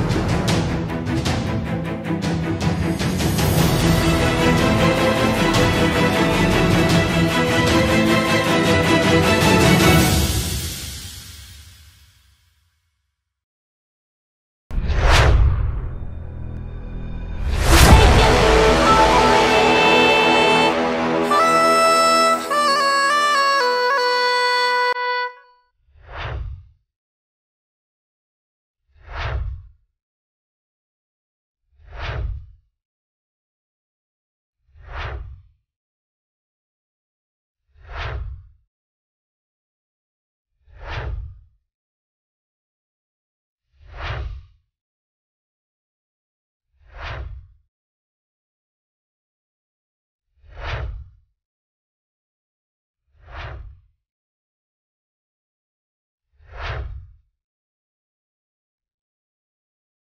Thank you.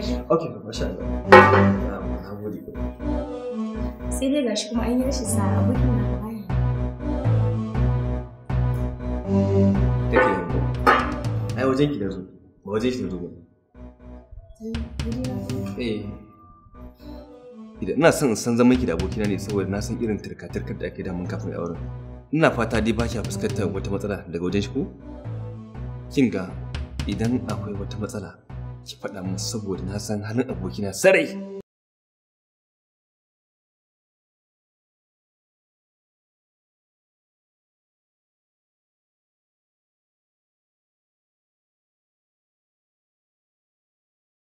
Sai dai gashi kuma an yi rashin sa Take Ai wajen ki da zo, ba wajen shi zo ba. Eh. ina son in san zaman da abokina ne saboda na san irin turka-turkar da ake kafin Ina fata dai ba shi fuskantar wata matsala daga wajen akwai wata matsala ki faɗa min saboda na san halin abokina sarai.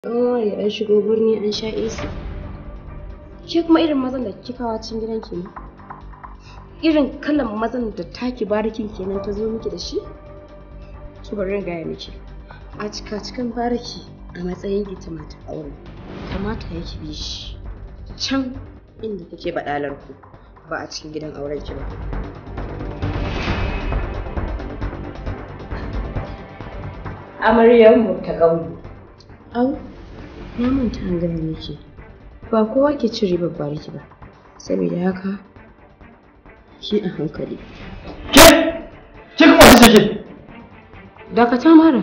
kawai an shigo birni an sha AC. Ke kuma irin mazan da kika kawo cikin gidan ki ne? Irin kalan mazan da taki barikin kenan ta zo miki da shi? Ki bari in gaya miki. A cika cikin bariki a matsayin ki ta mata aure kamata ya ki bi shi can inda kake baɗalar ku ba a cikin gidan auren ki ba mu ta ƙauye au na manta an gaya nake ba kowa ke cin ribar ki ba saboda haka ki a hankali ke ke kuma ce ke dakata mara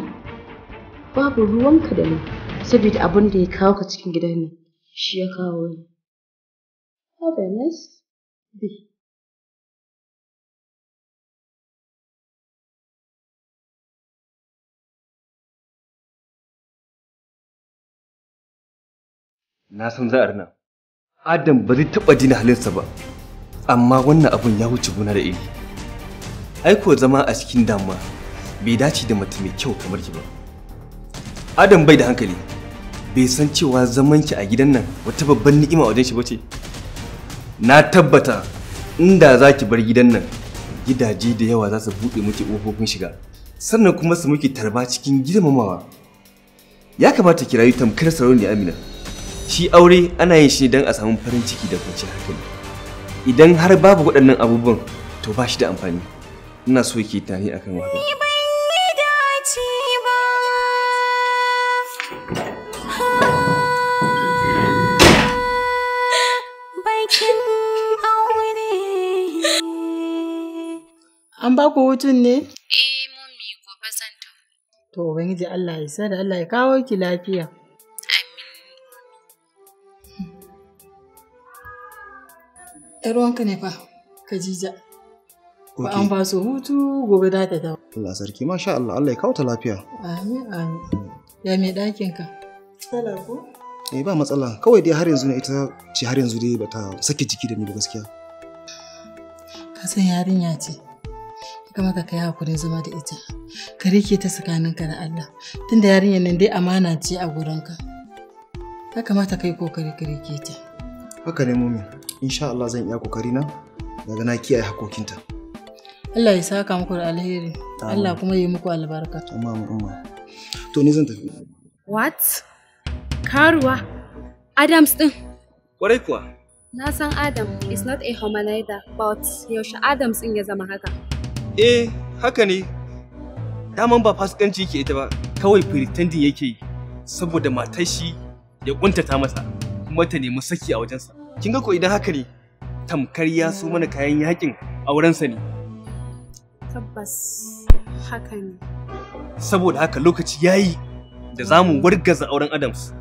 babu ruwanka da ni saboda abin da ya kawo ka cikin gidan nan shi ya kawo ni have a nice day na san za a rina adam ba zai taɓa halin halinsa ba amma wannan abun ya wuce gona da iri aiko zama a cikin damuwa bai dace da mutum mai kyau kamar ki ba Adam bai da hankali. Bai san cewa zaman ki a gidan nan wata babban ni'ima wajen shi bace. Na tabbata inda za ki bar gidan nan gidaje da yawa za su buɗe miki ƙofofin shiga. Sannan kuma su miki tarba cikin girmamawa. Ya kamata ki rayu tamkar sarauniya Amina. Shi aure ana yin shi don a samu farin ciki da kwanciyar hankali. Idan har babu waɗannan abubuwan to ba shi da amfani. Ina so ki tani akan wahala. An ba ku hutun ne? Eh, mummi gobe zan tafi. To, Ubangiji Allah ya sa da Allah ya kawo ki lafiya. Amin. ruwanka ne fa, kajija Ba an ba su hutu gobe za ta ta. Allah sarki, masha Allah, Allah ya kawo ta lafiya. Amin, amin. Ya mai ɗakin ka? Matsala ko? Eh, ba matsala. Kawai dai har yanzu ne ita ce har yanzu dai ta sake jiki da ni da gaskiya. Ka san yarinya ce. kama ka kai hakuri zama da ita ka rike ta tsakaninka da Allah tunda yarinyar nan dai amana ce a gurinka ka kamata kai kokari ka rike ta haka ne mummy insha Allah zan iya kokari na daga na kiyaye hakokinta Allah ya saka muku da alheri Allah kuma ya yi muku albarka amma amma to ni zan tafi what karuwa Adams din kwarai kuwa na san Adam is not a hominider but yaushe Adams din ya zama haka eh haka ne daman ba fasikanci yake ita ba kawai pretending yake yi saboda matar shi ya kuntata masa kuma ta nemi saki a wajensa kin ga ko idan haka ne tamkar ya so mana kayan yakin aurensa ne tabbas haka ne saboda haka lokaci yayi da zamu wargaza auren Adams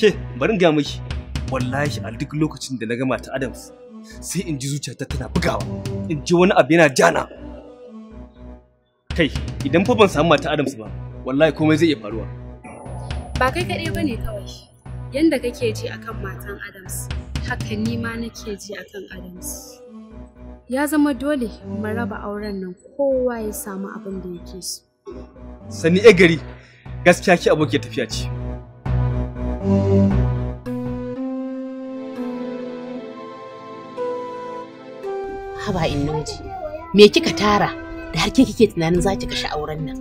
ke bari ga miki wallahi a duk lokacin da na ga mata Adams sai in ji zuciyata tana bugawa in ji wani abu yana jana Kai, idan fa ban samu mata Adams ba, wallahi komai zai iya faruwa. Ba kai kaɗai ba ne kawai. Yanda kake ji akan matan Adams, haka ni ma nake ji akan Adams. Ya zama dole mu raba auren nan kowa ya samu abin da yake so. Sani e gari, gaskiya ki abokiyar tafiya ce. Haba in me kika tara? da har ke kike tunanin za ki kashe auren nan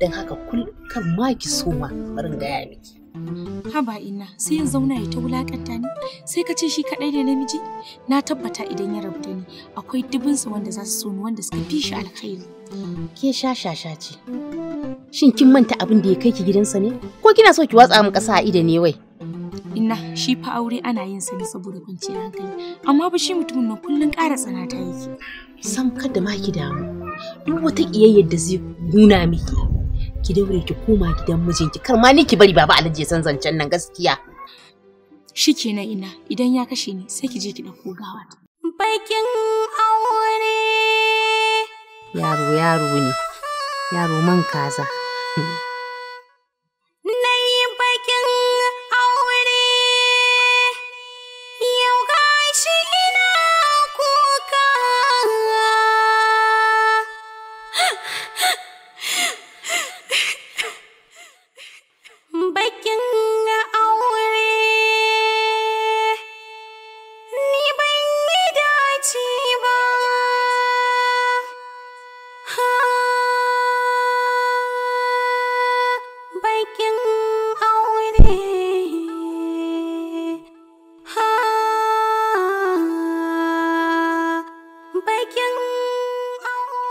don haka kan ma ki soma barin gaya miki haba ina sai yin zauna ya ta wulakanta ni sai ka ce shi kadai ne namiji na tabbata idan ya rabu da ni akwai dubinsa wanda za su so ni wanda suka fi shi alkhairi ke sha-sha-sha ce shin kin manta abin da ya kai ki gidansa ne ko kina so ki watsa min kasa a ido ne wai ina shi fa aure ana yin sa ne saboda kwanciyar hankali amma ba shi mutumin nan kullun ƙara tsanata yake sam kada ma ki damu duk wata kiyayyar da zai nuna miki ki daure ki koma gidan mijinki kar ma ni ki bari baba Alhaji ya san zancen nan gaskiya shikenan ina idan ya kashe ni sai ki je ki dauko gawa bakin aure yaro yaro ne yaro man kaza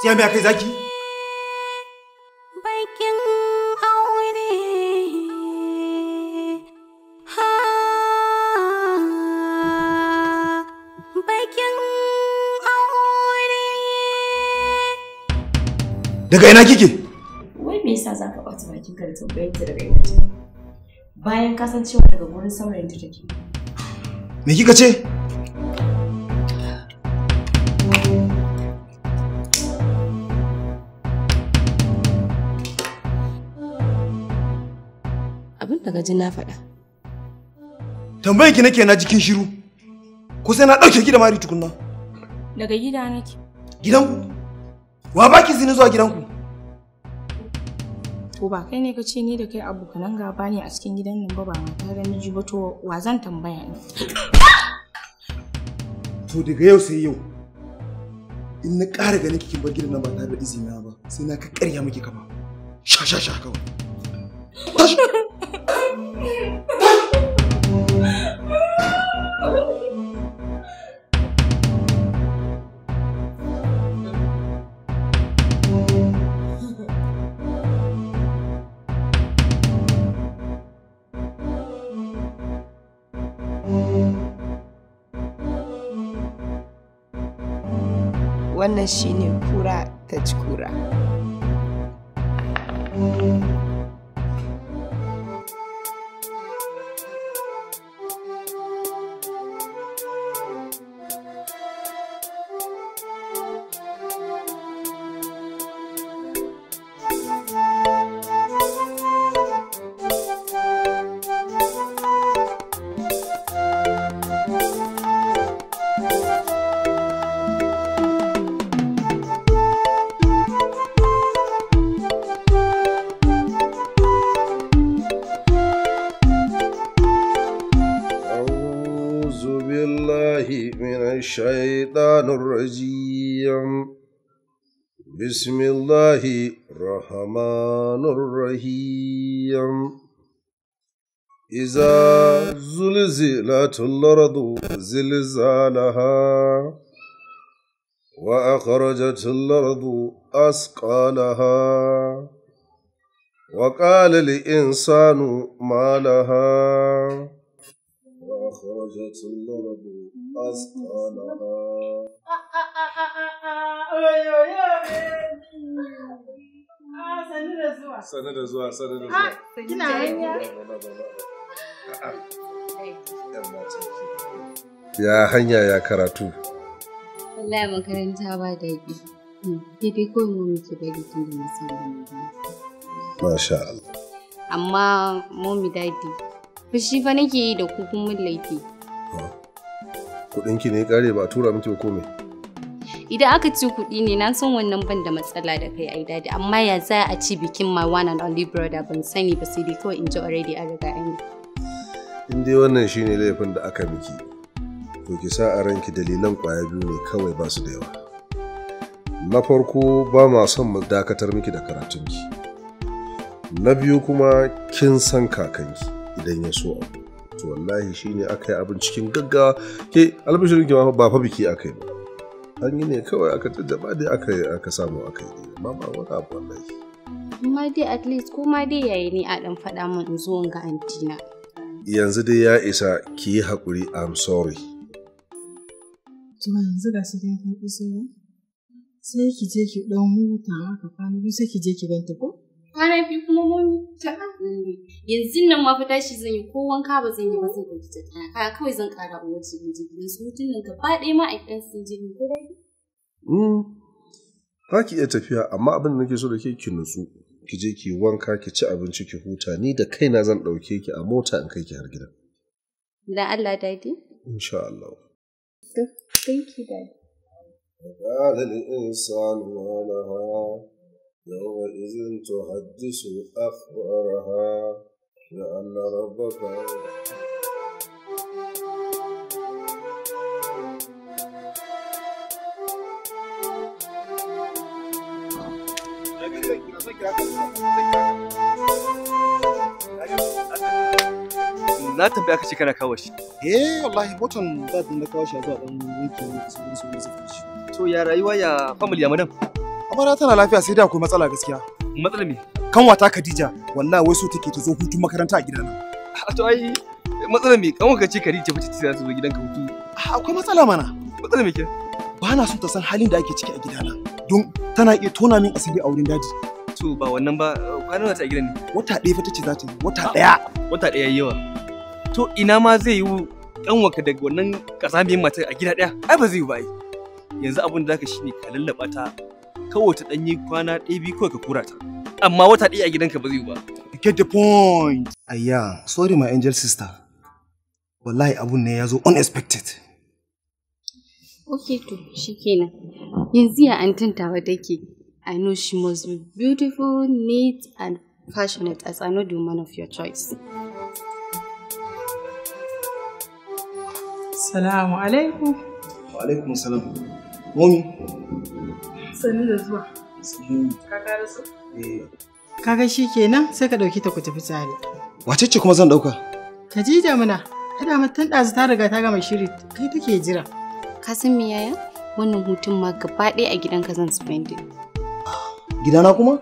Sai mai kai zaki? Bakin aure bakin aure Daga ina kike? Wai me yasa zaka bata bakin ka da tambayar ta daga ina take? Bayan kasancewa daga gurin saurayin ta take. Me kika ce? abin da gaji na faɗa. Tambayar ki nake na jikin shiru. Ko sai na ɗauke ki da mari tukunna. Daga gida nake. Gidanku? Wa ba ki zini zuwa gidanku? To ba kai ne ka ce ni da kai abu kanan gaba ne a cikin gidan nan ba ba ma ta ga miji ba to wa zan tambaya ni. To daga yau sai yau. In na ƙara ganin kin bar gidan nan ba tare da izina ba sai na ka ƙarya miki kama. Sha sha sha kawai. wannan shi ne kura ta ci kura. بسم الله الرحمن الرحيم إذا زلزلت الأرض زلزالها وأخرجت الأرض أثقالها وقال الإنسان ما لها وأخرجت الأرض أثقلها Sani da zuwa, sani da ah, zuwa. hanya? Ya hanya ya karatu. Wallahi makaranta ba daɗi. Daidai ko mu muke bari tun da musamman Masha Allah. Amma momi daɗi. Fushi fa nake yi da kukun mun laifi. Oh. na ne kare ba tura miki ba komai idan aka ci kuɗi ne na san wannan ban da matsala da kai ai dadi amma ya za a ci bikin my one and only brother ban sani ba sai dai kawai in ji already an riga an yi in dai wannan shine laifin da aka miki to ki sa a ranki dalilan kwaya biyu ne kawai ba su da yawa na farko ba ma son mu dakatar miki da karatunki na biyu kuma kin san kakanki idan ya so abu to wallahi shine aka yi abin cikin gaggawa ke albishirin ki ba fa biki aka yi an yi ne kawai aka jajjaba dai aka aka samu aka yi amma ba wani abu wallahi kuma dai at least ko ma dai yayi ne a dan faɗa min in zo ga antina yanzu dai ya isa ki yi haƙuri i'm sorry kuma yanzu ga su dai kun sai ki je ki ɗan huta haka kwana sai ki je ki ganta ko kwana biyu kuma mun taɓa ne yanzu nan ma fa tashi zan yi ko wanka ba zan yi ba zan ɗauki ta ɗaya kaya kawai zan ƙara a wace in ji gidan su mutun nan gaba ɗaya ma aikin sun je ko dai. ba hmm, ki iya tafiya amma abin da nake so da ke ki nutsu ki je ki wanka ki ci abinci ki huta ni da kaina zan ɗauke ki a mota in kai ki har gida. Da Allah daidai. Insha Allah. Thank you, Daddy. قال الإنسان ما يومئذ تحدث أخبارها لأن ربك لا تبي اكل شيكنا كوش ايه والله بوتن بعد ما كوش هذا ممكن تو يا رايوه يا فاميلي يا مدام Amara tana lafiya sai da akwai matsala gaskiya. Matsala me? Kanwata Khadija wallahi wai so take ta zo hutun makaranta a gidana. A to ai matsala me kanwa ka ce Khadija fice ta zo gidanka hutu. Akwai matsala mana. Matsala me ke? Ba na son ta san halin da ake ciki a gidana don tana iya tona min asiri a wurin daji. To ba wannan ba kwanan ta a gidan ne. Wata ɗaya fa tace za ta yi wata ɗaya. Wata ɗaya yawa. To ina ma zai yi waka daga wannan ƙasa mai matar a gida ɗaya ai ba zai yi ba yanzu abin da zaka shine ka lallaba ta kowace ta ɗanyi kwana ɗaya biyu kawai ka kura ta amma wata ɗaya a gidanka ba zai yi ba get the point ayya sorry my angel sister wallahi abun ne ya zo unexpected okay to shikenan yanzu ya an wa take i know she must be beautiful neat and passionate as i know the woman of your choice Salamu alaikum. Wa alaikum salam. Mommy, Sani da zuwa. Eh. Ka ga shi kenan sai ka ɗauki ta ku tafi tsari. Wace ce kuma zan ɗauka? Khadija muna, kada matan ɗazu ta riga ta gama shiri kai take jira. Ka san me yaya? Wannan hutun ma gaba ɗaya a ka zan spend. Gidana kuma?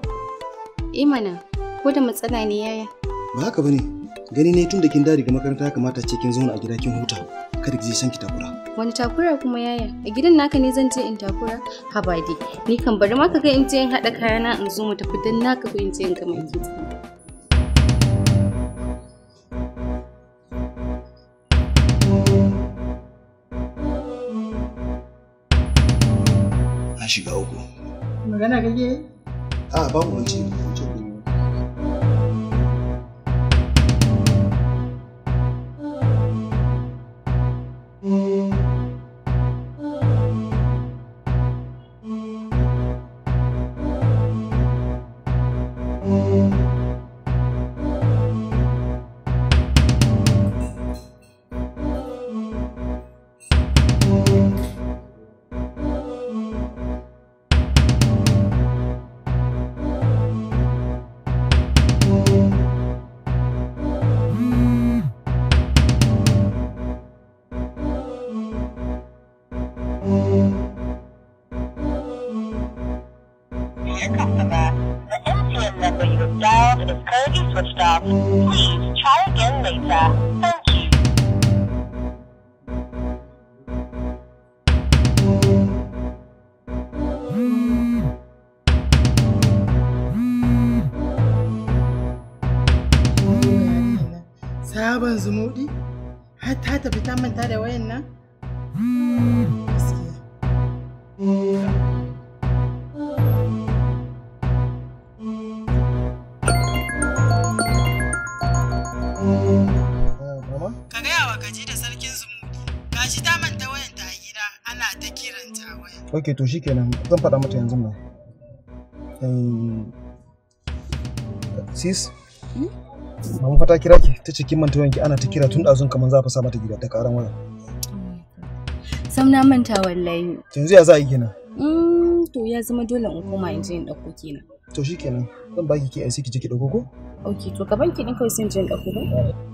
Eh mana, ko da matsala ne yaya? Ba haka bane. Gani ne tun da kin dawo daga makaranta kamata ce kin zauna a gida kin huta. kada ki san ki takura wani takura kuma yaya a gidan naka ne zan je in takura haba dai ni kan bari ma ka ga in je in hada kayana in zo mu tafi dan naka ko in je in gama gidi shiga uku magana kake a ah, babu wance your customer. The MTN number you have dialed is currently switched off. Please try again later. Thank you. sabon zumuɗi har ta tafi ta manta da wayan nan? Ka gaya wa gaji da sarkin ga Gashi ta manta wayan a gida ana ta kiranta a waya. Ok to shikenan zan faɗa mata yanzu nan. Eh, sis? mun hmm? fata kira ki ta cikin manta ki ana ta kira tun ɗazun kamar za fa sa mata gida ta ƙaran waya. Sam na manta wallahi. Yanzu ya za a yi kenan? Hmm, to ya zama dole in koma in je in ɗauko kenan. To shikenan zan baki ki ai sai ki je ki ɗauko ko? Ok to ka banki ɗin kawai sai in je in ɗauko ko?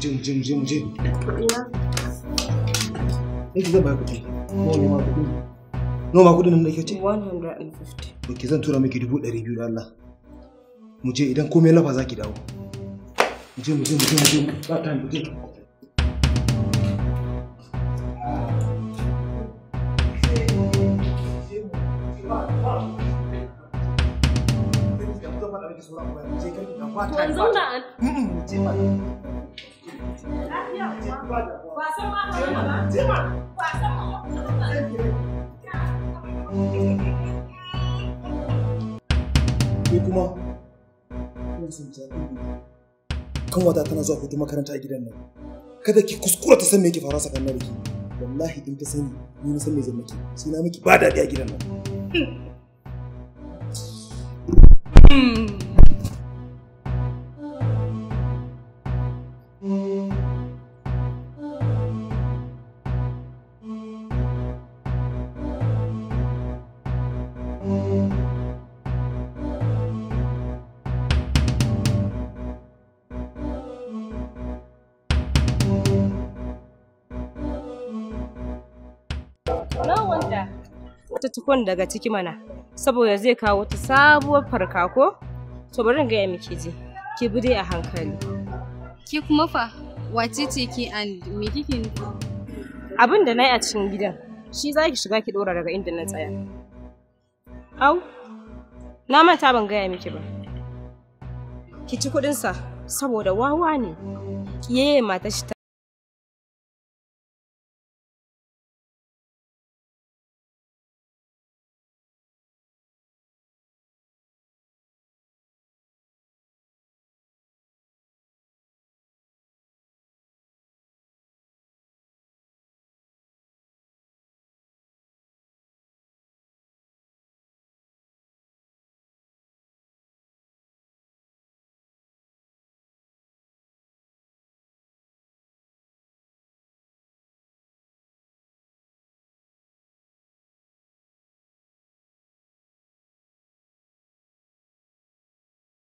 jim jim jim jim ne ki zan ba kuɗi nawa ne ma kuɗi nan da ce 150 ok zan tura miki dubu ɗari biyu da mu je idan komai lafa za dawo jim jim jim jim ba time muje Wanzan da an? Wasan ma ba. ba. kuma kan wata tana zuwa hutu makaranta a gidan nan kada ki kuskura ta san me yake fara tsakanin da ke wallahi in ta sani ni na san me zan miki sai na miki ba daɗi a gidan nan hmm. wata tukun daga ciki mana saboda zai kawo ta sabuwar farka ko to bari gaya miki ji ki bi dai a hankali ki kuma fa wace ce ki an me kike nufi abin da nayi a cikin gidan shi za ki shiga ki dora daga inda na tsaya au na manta ban gaya miki ba ki ci kuɗinsa saboda wawa ne ki yaye matar